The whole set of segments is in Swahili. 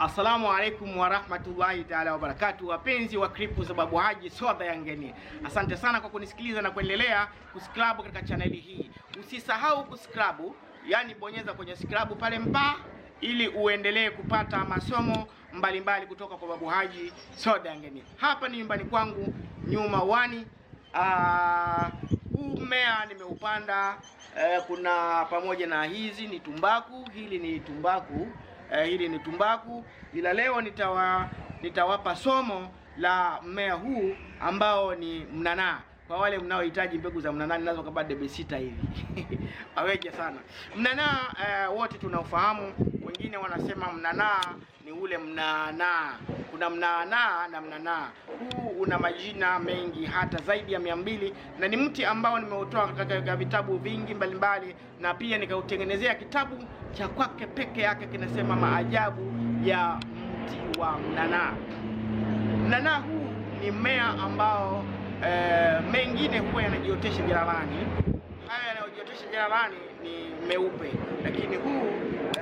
Assalamu alaikum warahmatullahi taala wabarakatu, wapenzi wa kripu za Babu Haji Swadha Yangeni, asante sana kwa kunisikiliza na kuendelea kuskrabu katika chaneli hii. Usisahau kuskrabu, yani bonyeza kwenye skrabu pale mpaa, ili uendelee kupata masomo mbalimbali mbali kutoka kwa Babu Haji Swadha Yangeni. Hapa ni nyumbani kwangu nyuma wani ah, huu mmea nimeupanda eh, kuna pamoja na hizi ni tumbaku, hili ni tumbaku eh, ile ni tumbaku, ila leo nitawa, nitawapa somo la mmea huu ambao ni mnanaa. Kwa wale mnaohitaji mbegu za mnanaa ninazo kama debe sita hivi aweje sana mnanaa eh, wote tunaofahamu wengine wanasema mnanaa ni ule mnanaa Kuna mnanaa na mnanaa, huu una majina mengi hata zaidi ya mia mbili na ni mti ambao nimeutoa katika vitabu vingi mbalimbali, na pia nikautengenezea kitabu cha kwake peke yake kinasema maajabu ya mti wa mnanaa. Mnanaa huu ni mmea ambao e, mengine huwa yanajiotesha jalalani. Hayo yanayojiotesha jalalani ni meupe, lakini huu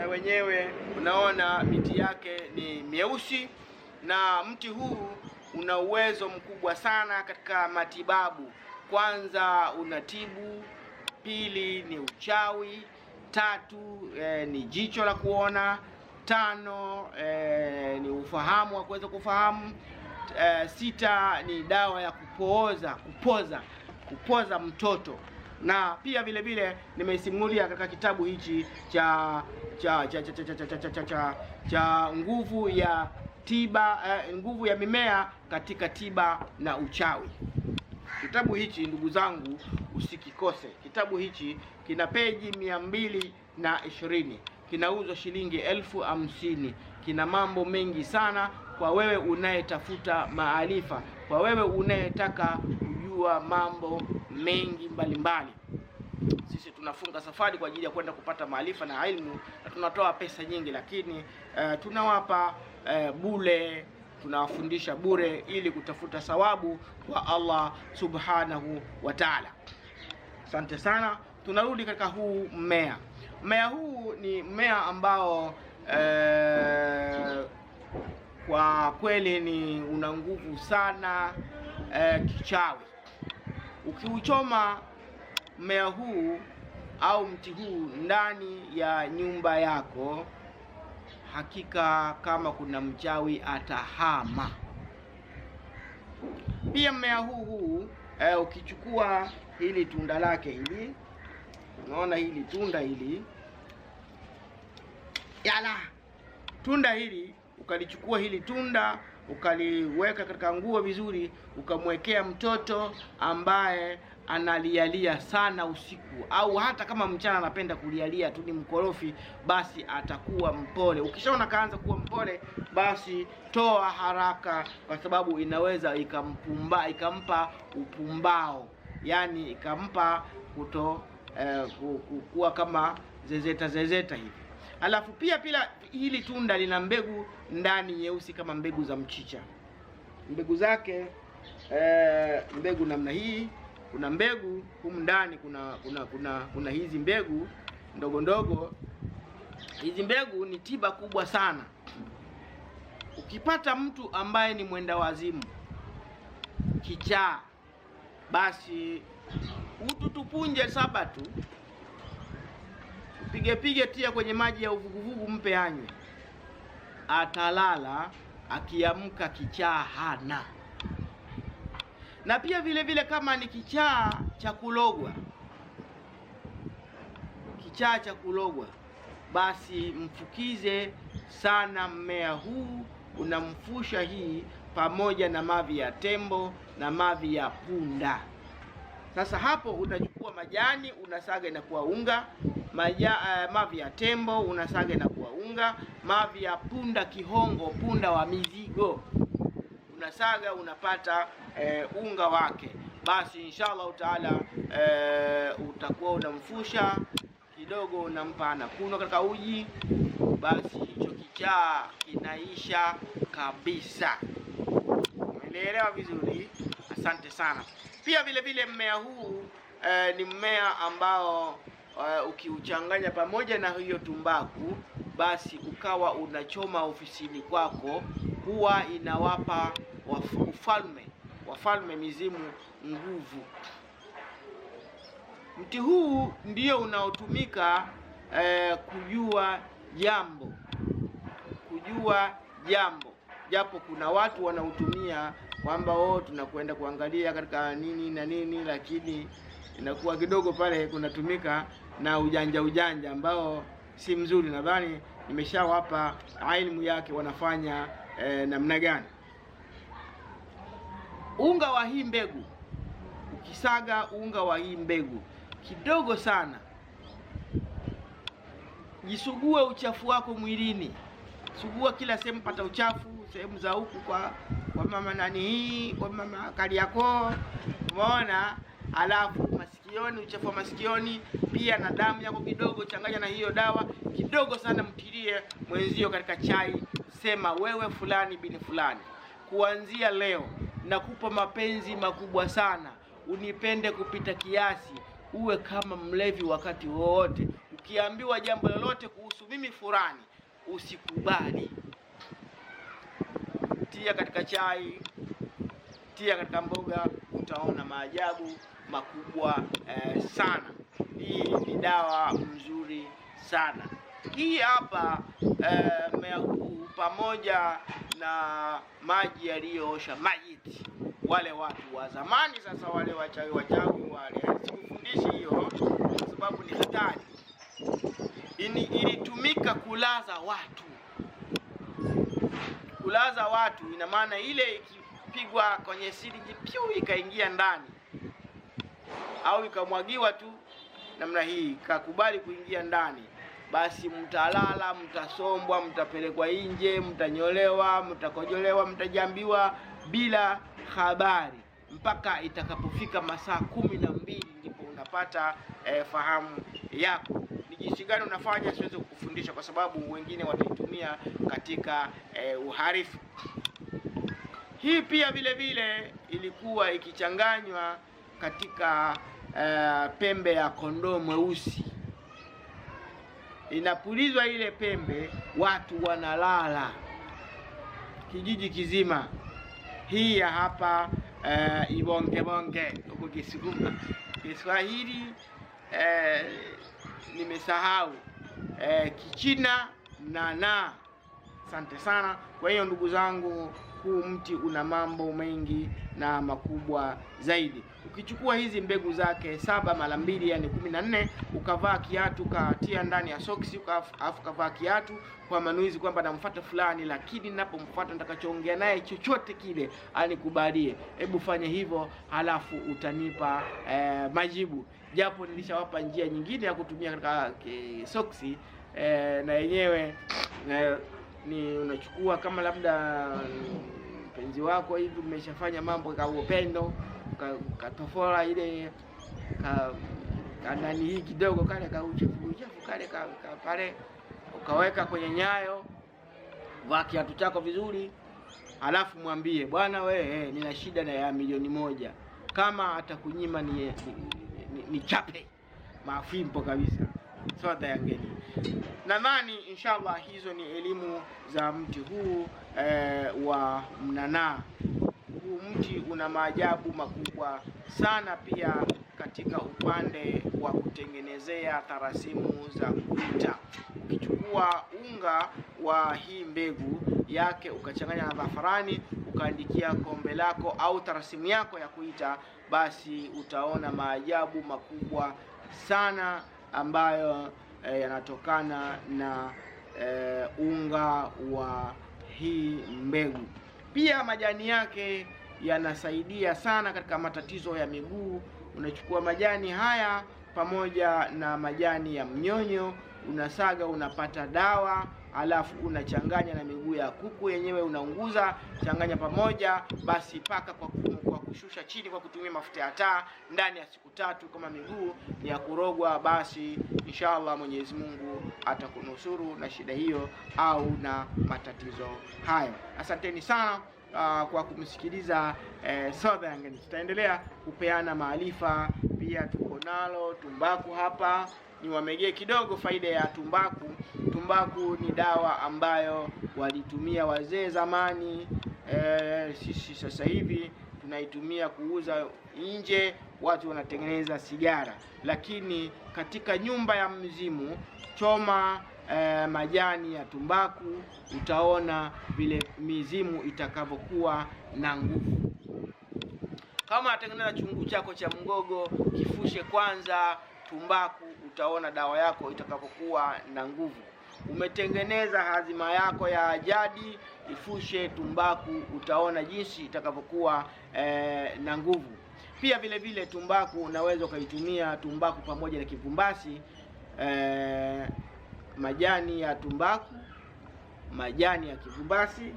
wenyewe unaona miti yake ni mieusi, na mti huu una uwezo mkubwa sana katika matibabu. Kwanza unatibu, pili ni uchawi, tatu eh, ni jicho la kuona, tano eh, ni ufahamu wa kuweza kufahamu eh, sita ni dawa ya kupooza kupoza kupoza mtoto na pia vile vile nimesimulia katika kitabu hichi cha cha cha cha cha cha cha cha cha nguvu ya tiba eh, nguvu ya mimea katika tiba na uchawi. Kitabu hichi ndugu zangu, usikikose. Kitabu hichi kina peji mia mbili na ishirini kinauzwa shilingi elfu hamsini. Kina mambo mengi sana kwa wewe unayetafuta maarifa, kwa wewe unayetaka kujua mambo mengi mbalimbali mbali. Sisi tunafunga safari kwa ajili ya kwenda kupata maarifa na elimu, na tunatoa pesa nyingi, lakini uh, tunawapa uh, bure tunawafundisha bure ili kutafuta sawabu kwa Allah subhanahu wa taala. Asante sana. Tunarudi katika huu mmea. Mmea huu ni mmea ambao e, kwa kweli ni una nguvu sana e, kichawi ukiuchoma mmea huu au mti huu ndani ya nyumba yako, hakika kama kuna mchawi atahama. Pia mmea huu huu e, ukichukua hili tunda lake hili, unaona hili tunda hili, yala tunda hili, ukalichukua hili tunda ukaliweka katika nguo vizuri, ukamwekea mtoto ambaye analialia sana usiku au hata kama mchana anapenda kulialia tu, ni mkorofi, basi atakuwa mpole. Ukishaona kaanza kuwa mpole, basi toa haraka, kwa sababu inaweza ikampumba ikampa upumbao, yani ikampa kuto eh, kuwa kama zezeta zezeta hivi. Alafu pia pila hili tunda lina mbegu ndani nyeusi kama mbegu za mchicha. Mbegu zake e, mbegu namna hii, kuna mbegu humu ndani, kuna kuna kuna kuna hizi mbegu ndogo ndogo. Hizi mbegu ni tiba kubwa sana. Ukipata mtu ambaye ni mwenda wazimu, kichaa, basi ututupunje Sabatu pige pige tia kwenye maji ya uvuguvugu, mpe anywe, atalala, akiamka kichaa hana. Na pia vile vile kama ni kichaa cha kulogwa, kichaa cha kulogwa, basi mfukize sana mmea huu, unamfusha hii pamoja na mavi ya tembo na mavi ya punda. Sasa hapo utachukua majani unasaga, inakuwa unga maja, uh, mavi ya tembo unasaga na kuwa unga, mavi ya punda kihongo, punda wa mizigo unasaga unapata uh, unga wake. Basi inshallah taala uh, utakuwa unamfusha kidogo, unampa anakunwa katika uji, basi hicho kichaa kinaisha kabisa. Umeelewa vizuri? Asante sana. Pia vile vile mmea huu eh, ni mmea ambao uh, ukiuchanganya pamoja na hiyo tumbaku, basi ukawa unachoma ofisini kwako, huwa inawapa wafalme wafalme mizimu nguvu. Mti huu ndio unaotumika eh, kujua jambo kujua jambo, japo kuna watu wanaotumia kwamba oh, tunakwenda kuangalia katika nini na nini, lakini inakuwa kidogo pale kunatumika na ujanja ujanja ambao si mzuri. Nadhani nimeshawapa ilmu yake wanafanya eh, namna gani. Unga wa hii mbegu, ukisaga unga wa hii mbegu kidogo sana, jisugue uchafu wako mwilini, sugua kila sehemu, pata uchafu sehemu za huku kwa kwa mama nani hii, kwa mama Kariakoo, umeona, alafu masikioni, uchafu wa masikioni pia, na damu yako kidogo, changanya na hiyo dawa kidogo sana, mtilie mwenzio katika chai. Sema wewe fulani bini fulani, kuanzia leo nakupa mapenzi makubwa sana, unipende kupita kiasi, uwe kama mlevi wakati wowote. Ukiambiwa jambo lolote kuhusu mimi fulani, usikubali. Tia katika chai, tia katika mboga, utaona maajabu makubwa eh, sana. Hii ni dawa mzuri sana hii hapa eh, mmea huu pamoja na maji yaliyoosha majiti. Wale watu wa zamani sasa, wale wachawi wachawi wale, sikufundishi hiyo kwa sababu ni hatari. Ilitumika kulaza watu, kulaza watu. Ina maana ile ikipigwa kwenye sirinji pyu ikaingia ndani au ikamwagiwa tu namna hii, kakubali kuingia ndani, basi mtalala, mtasombwa, mtapelekwa nje, mtanyolewa, mtakojolewa, mtajambiwa bila habari mpaka itakapofika masaa kumi na mbili ndipo unapata eh, fahamu yako ni jinsi gani unafanya. Siwezi kukufundisha kwa sababu wengine wanaitumia katika eh, uharifu. Hii pia vile vile ilikuwa ikichanganywa katika uh, pembe ya kondoo mweusi. Inapulizwa ile pembe, watu wanalala kijiji kizima. Hii ya hapa uh, eh, ibongebonge huko Kisukuma, Kiswahili uh, nimesahau uh, Kichina na na Asante sana. Kwa hiyo ndugu zangu, huu mti una mambo mengi na makubwa zaidi ukichukua hizi mbegu zake saba mara mbili, yani kumi na nne, ukavaa kiatu ukatia ndani ya soksi alafu ukavaa kiatu kwa manuizi kwamba namfuata fulani, lakini ninapomfuata nitakachoongea naye chochote kile anikubalie. Hebu fanye hivyo, halafu utanipa eh, majibu, japo nilishawapa njia nyingine ya kutumia katika soksi eh, na yenyewe eh, ni unachukua kama labda mpenzi wako hivi, umeshafanya mambo ya upendo katofola ile kanani hii kidogo kale kauchafu uchafu kale ka, pale ukaweka kwenye nyayo, vaa kiatu chako vizuri, halafu mwambie bwana, wewe eh, nina shida na ya milioni moja, kama atakunyima ni, ni, ni, ni chape mafimbo kabisa soda yangeni. Nadhani inshallah hizo ni elimu za mti huu eh, wa mnanaa huu mti una maajabu makubwa sana, pia katika upande wa kutengenezea tarasimu za kuita. Ukichukua unga wa hii mbegu yake ukachanganya na zafarani ukaandikia kombe lako au tarasimu yako ya kuita, basi utaona maajabu makubwa sana ambayo e, yanatokana na e, unga wa hii mbegu. Pia majani yake yanasaidia sana katika matatizo ya miguu. Unachukua majani haya pamoja na majani ya mnyonyo, unasaga, unapata dawa, alafu unachanganya na miguu ya kuku yenyewe, unaunguza, changanya pamoja, basi paka kwa kwa kushusha chini kwa kutumia mafuta ya taa. Ndani ya siku tatu, kama miguu ni ya kurogwa, basi inshallah Mwenyezi Mungu atakunusuru na shida hiyo au na matatizo hayo. Asanteni sana uh, kwa kumsikiliza eh, Southampton. Tutaendelea kupeana maarifa pia, tuko nalo tumbaku hapa niwamegee kidogo faida ya tumbaku. Tumbaku ni dawa ambayo walitumia wazee zamani. E, sisi sasa hivi tunaitumia kuuza nje, watu wanatengeneza sigara, lakini katika nyumba ya mzimu choma e, majani ya tumbaku, utaona vile mizimu itakavyokuwa na nguvu. Kama atengeneza chungu chako cha mgogo, kifushe kwanza tumbaku, utaona dawa yako itakapokuwa na nguvu. Umetengeneza hazima yako ya ajadi, ifushe tumbaku, utaona jinsi itakavyokuwa e, na nguvu. Pia vile vile tumbaku unaweza ukaitumia tumbaku pamoja na kivumbasi e, majani ya tumbaku, majani ya kivumbasi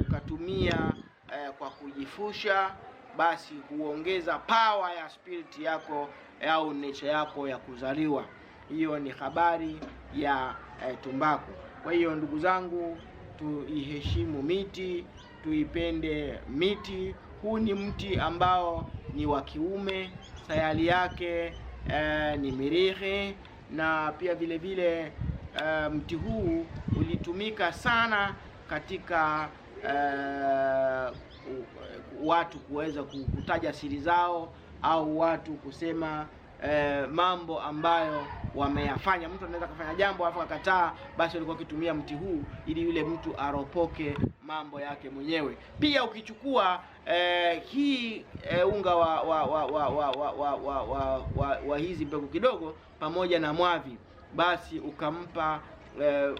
ukatumia eh, kwa kujifusha, basi huongeza pawa ya spirit yako au nature yako ya kuzaliwa. Hiyo ni habari ya eh, tumbaku. Kwa hiyo ndugu zangu, tuiheshimu miti, tuipende miti. Huu ni mti ambao ni wa kiume, sayari yake eh, ni mirihi na pia vile vile uh, mti huu ulitumika sana katika uh, watu kuweza kutaja siri zao au watu kusema uh, mambo ambayo wameyafanya. Mtu anaweza akafanya jambo alafu akakataa, basi walikuwa wakitumia mti huu ili yule mtu aropoke mambo yake mwenyewe. Pia ukichukua eh, hii eh, unga wa wa wa wa wa, wa, wa, wa, wa, wa hizi mbegu kidogo pamoja na mwavi basi ukampa e,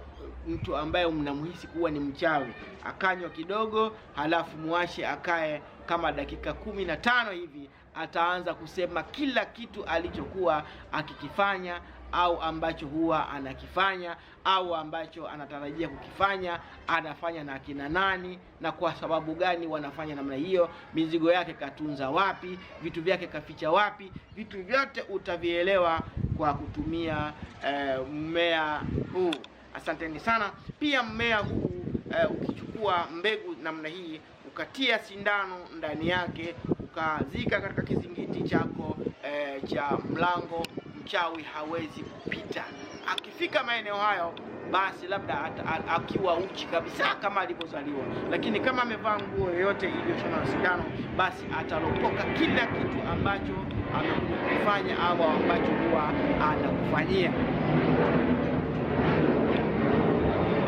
mtu ambaye mnamhisi kuwa ni mchawi akanywa kidogo, halafu muashe akae kama dakika kumi na tano hivi, ataanza kusema kila kitu alichokuwa akikifanya au ambacho huwa anakifanya au ambacho anatarajia kukifanya, anafanya na akina nani na kwa sababu gani wanafanya namna hiyo, mizigo yake katunza wapi, vitu vyake kaficha wapi. Vitu vyote utavielewa kwa kutumia eh, mmea huu. Asanteni sana. Pia mmea huu eh, ukichukua mbegu namna hii ukatia sindano ndani yake ukazika katika kizingiti chako eh, cha mlango mchawi hawezi kupita. Akifika maeneo hayo, basi labda akiwa uchi kabisa kama alivyozaliwa, lakini kama amevaa nguo yoyote iliyoshona na sindano, basi ataropoka kila kitu ambacho amekuja kufanya au ambacho huwa anakufanyia.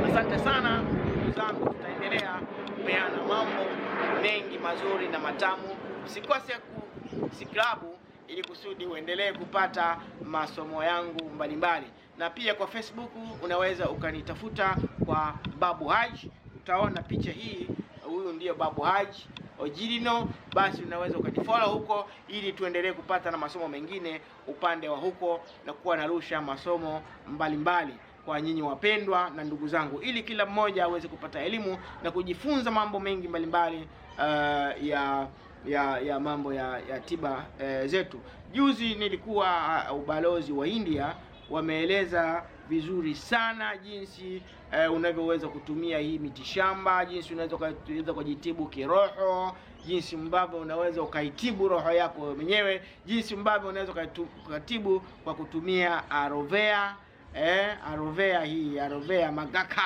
Asante sana ndugu zangu, tutaendelea kupeana mambo mengi mazuri na matamu. Usikose kusiklabu ili kusudi uendelee kupata masomo yangu mbalimbali. Na pia kwa Facebook unaweza ukanitafuta kwa Babu Haji, utaona picha hii, huyu ndiyo Babu Haji Ojirino. basi unaweza ukanifollow huko ili tuendelee kupata na masomo mengine upande wa huko na kuwa narusha masomo mbalimbali mbali kwa nyinyi wapendwa na ndugu zangu, ili kila mmoja aweze kupata elimu na kujifunza mambo mengi mbalimbali mbali, uh, ya ya ya mambo ya, ya tiba e, zetu. Juzi nilikuwa uh, ubalozi wa India wameeleza vizuri sana jinsi eh, unavyoweza kutumia hii mitishamba, jinsi unaweza kujitibu kiroho, jinsi mbavyo unaweza ukaitibu roho yako mwenyewe, jinsi mbavyo unaweza ukatibu kwa kutumia arovea eh, arovea hii arovea magaka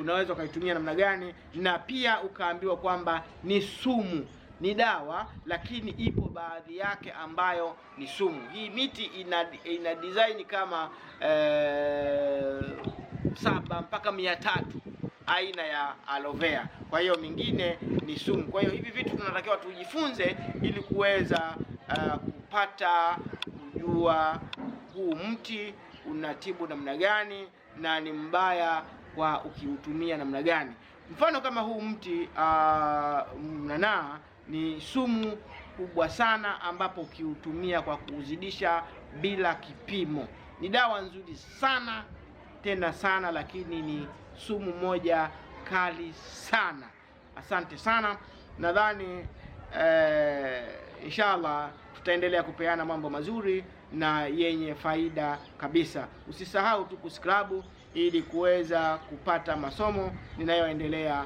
unaweza ukaitumia namna gani, na pia ukaambiwa kwamba ni sumu ni dawa, lakini ipo baadhi yake ambayo ni sumu. Hii miti ina, ina design kama eh, saba mpaka mia tatu aina ya aloe vera. Kwa hiyo mingine ni sumu. Kwa hiyo hivi vitu tunatakiwa tujifunze ili kuweza uh, kupata kujua huu mti unatibu namna gani na ni mbaya kwa ukiutumia namna gani. Mfano kama huu mti uh, ah, mnanaa ni sumu kubwa sana, ambapo ukiutumia kwa kuuzidisha bila kipimo, ni dawa nzuri sana tena sana, lakini ni sumu moja kali sana. Asante sana, nadhani eh, inshallah tutaendelea kupeana mambo mazuri na yenye faida kabisa. Usisahau tu kuskrabu ili kuweza kupata masomo ninayoendelea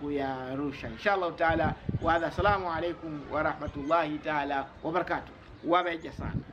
kuyarusha insha Allah taala. Wa hadha, assalamu alaikum warahmatullahi taala wabarakatuh. Wabeja sana.